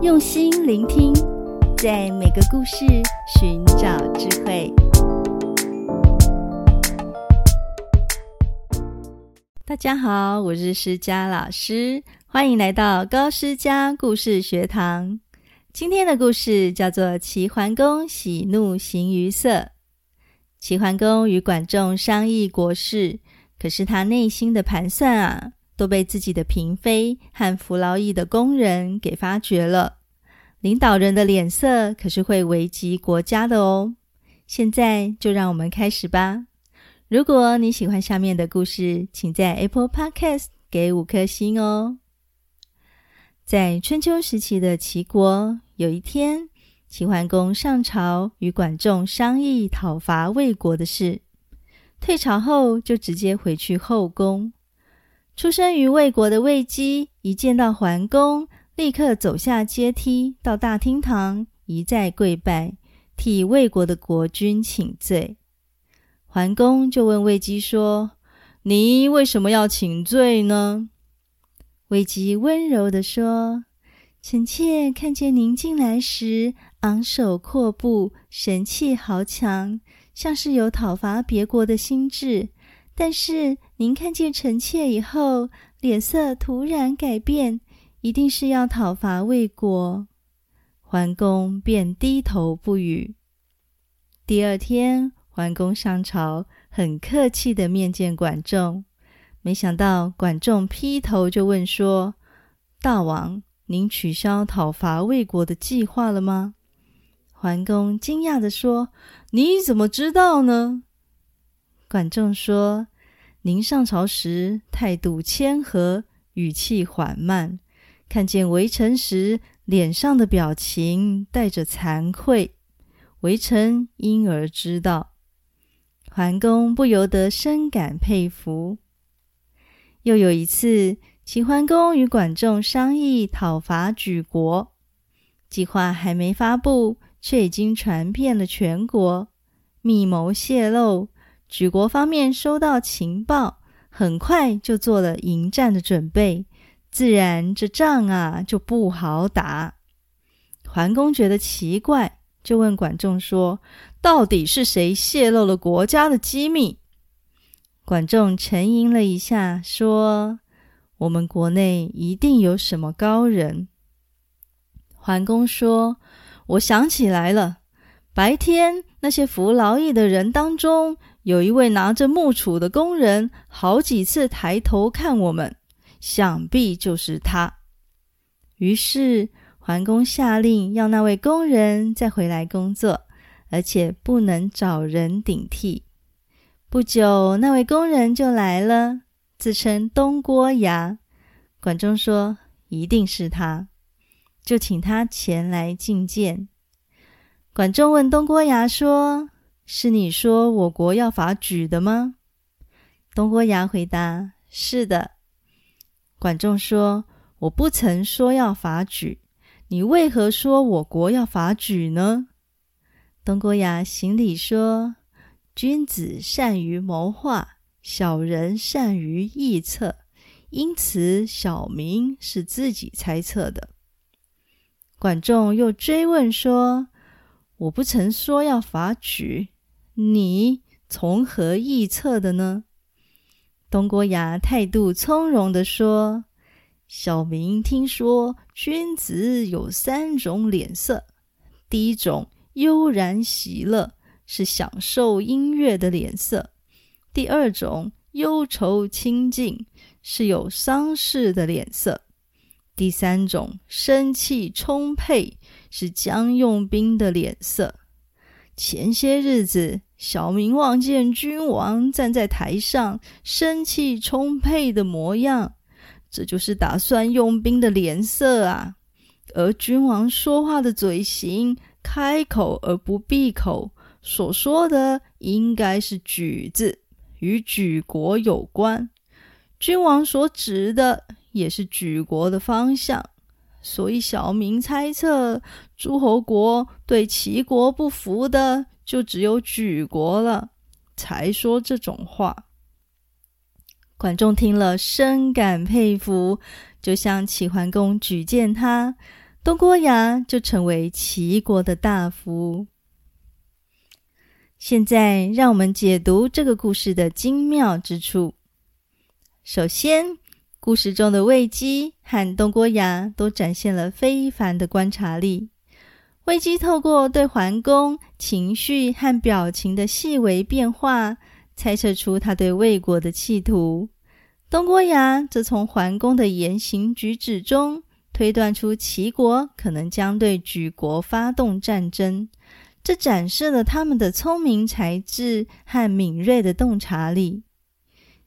用心聆聽，在每個故事尋找智慧。大家好，我是詩佳老師，歡迎來到高詩佳故事學堂。今天的故事叫做《齊桓公喜怒形於色》。齊桓公與管仲商議國事，可是他內心的盤算啊，都被自己的嬪妃和服勞役的工人給發覺了。領導人的臉色可是會危及國家的哦。現在就讓我們開始吧。如果你喜歡下面的故事，請在 Apple Podcast 給五顆星哦。在春秋時期的齊國，有一天，齊桓公上朝與管仲商議討伐魏國的事。退朝後，就直接回去後宮。出生於魏國的魏姬，一見到桓公，立刻走下階梯，到大廳堂一再跪拜，替魏國的國君請罪。桓公就問魏姬說：“你為什麼要請罪呢？”魏姬溫柔地說：“臣妾看見您進來時，昂首闊步，神氣豪強，像是有討伐別國的心志。”但是您看見臣妾以後，臉色突然改變，一定是要討伐魏國。桓公便低頭不語。第二天，桓公上朝，很客氣的面見管仲，沒想到管仲劈頭就問說：“大王，您取消討伐魏國的計劃了嗎？”桓公驚訝地說：“你怎麼知道呢？”管仲說：“您上朝時態度謙和，語氣緩慢；看見微臣時，臉上的表情帶着慚愧。微臣因而知道，桓公不由得深感佩服。”又有一次，齊桓公與管仲商議討伐莒國，計劃還沒發布，卻已經傳遍了全國，密謀洩露。莒國方面收到情報，很快就做了迎戰的準備，自然這仗啊就不好打。桓公覺得奇怪，就問管仲說：“到底是誰泄露了國家的機密？”管仲沉吟了一下，說：“我們國內一定有什麼高人。”桓公說：“我想起來了。”白天，那些服勞役的人當中，有一位拿着木杵的工人，好幾次抬頭看我們，想必就是他。於是，桓公下令要那位工人再回來工作，而且不能找人頂替。不久，那位工人就來了，自稱東郭牙。管仲說：“一定是他。”就請他前來覲見。管仲問東郭牙說：“是你說我國要伐莒的嗎？”東郭牙回答：“是的。”管仲說：“我不曾說要伐莒，你為何說我國要伐莒呢？”東郭牙行禮說：“君子善於謀劃，小人善於臆測，因此小民是自己猜測的。”管仲又追問說：我不曾說要伐莒，你從何臆測的呢？東郭牙態度從容地說：“小明聽說，君子有三種臉色。第一種悠然喜樂，是享受音樂的臉色；第二種憂愁清淨，是有喪事的臉色。”第三種生氣充沛，是將用兵的臉色。前些日子，小明望見君王站在台上，生氣充沛的模樣，這就是打算用兵的臉色啊。而君王說話的嘴型，開口而不閉口，所說的應該是“莒”字，與莒國有關。君王所指的。也是莒國的方向，所以小民猜測，諸侯國對齊國不服的，就只有莒國了，才說這種話。管仲聽了，深感佩服，就向齊桓公舉薦他，東郭牙就成為齊國的大夫。現在，讓我們解讀這個故事的精妙之處。首先，故事中的衛姬和東郭牙都展現了非凡的觀察力。衛姬透過對桓公情緒和表情的細微變化，猜測出他對衛國的企圖；東郭牙則從桓公的言行舉止中推斷出齊國可能將對莒國發動戰爭。這展示了他們的聰明才智和敏銳的洞察力。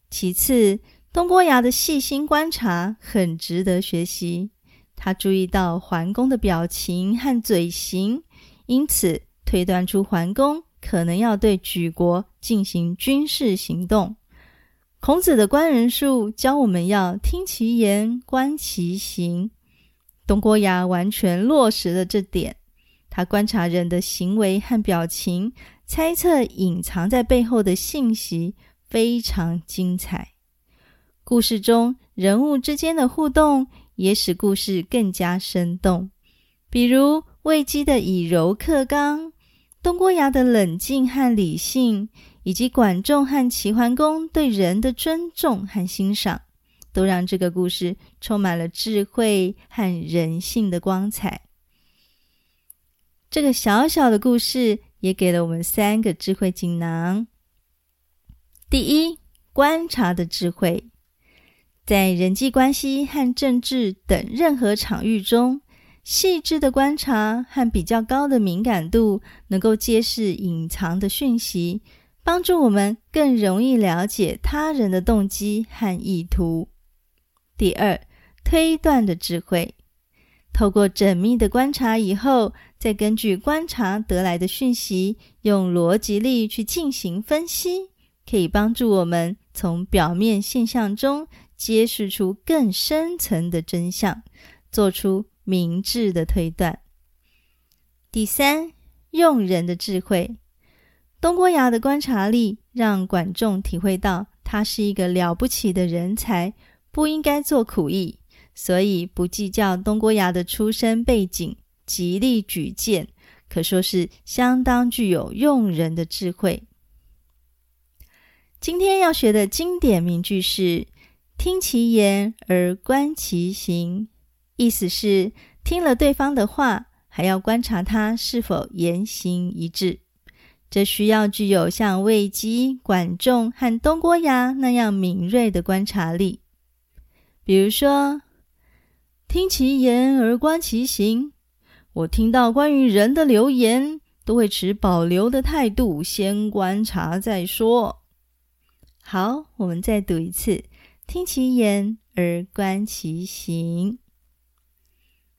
其次，東郭牙的細心觀察很值得學習。他注意到桓公的表情和嘴型，因此推斷出桓公可能要對莒國進行軍事行動。孔子的觀人術教我們要聽其言，觀其行。東郭牙完全落實了這點。他觀察人的行為和表情，猜測隱藏在背後的信息，非常精彩。故事中人物之間的互動也使故事更加生動，比如衛姬的以柔克剛、東郭牙的冷靜和理性，以及管仲和齊桓公對人的尊重和欣賞，都讓這個故事充滿了智慧和人性的光彩。這個小小的故事也給了我們三個智慧錦囊：第一，觀察的智慧。在人際關係和政治等任何場域中，細緻的觀察和比較高的敏感度，能夠揭示隱藏的訊息，幫助我們更容易了解他人的動機和意圖。第二，推斷的智慧，透過縝密的觀察以後，再根據觀察得來的訊息，用邏輯力去進行分析，可以幫助我們從表面現象中。揭示出更深層的真相，做出明智的推斷。第三，用人的智慧。東郭牙的觀察力讓管仲體會到他是一個了不起的人才，不應該做苦役，所以不計較東郭牙的出身背景，極力舉薦，可說是相當具有用人的智慧。今天要學的經典名句是。聽其言而觀其行，意思是聽了對方的話，還要觀察他是否言行一致。這需要具有像衛姬、管仲和東郭牙那樣敏銳的觀察力。比如說，聽其言而觀其行，我聽到關於人的流言，都會持保留的態度，先觀察再說。好，我們再讀一次。聽其言而觀其行。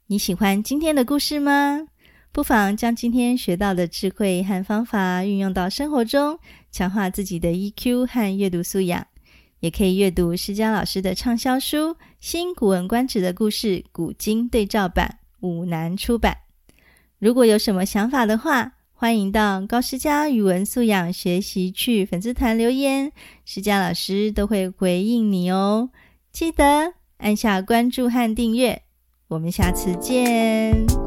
你喜歡今天的故事嗎？不妨將今天學到的智慧和方法運用到生活中，強化自己的 EQ 和閱讀素養。也可以閱讀詩佳老師的暢銷書《新古文觀止的故事古今對照版》，五南出版。如果有什麼想法的話，歡迎到高詩佳語文素養學習區粉絲團留言，詩佳老師都會回應你哦。記得按下關注和訂閱，我們下次見。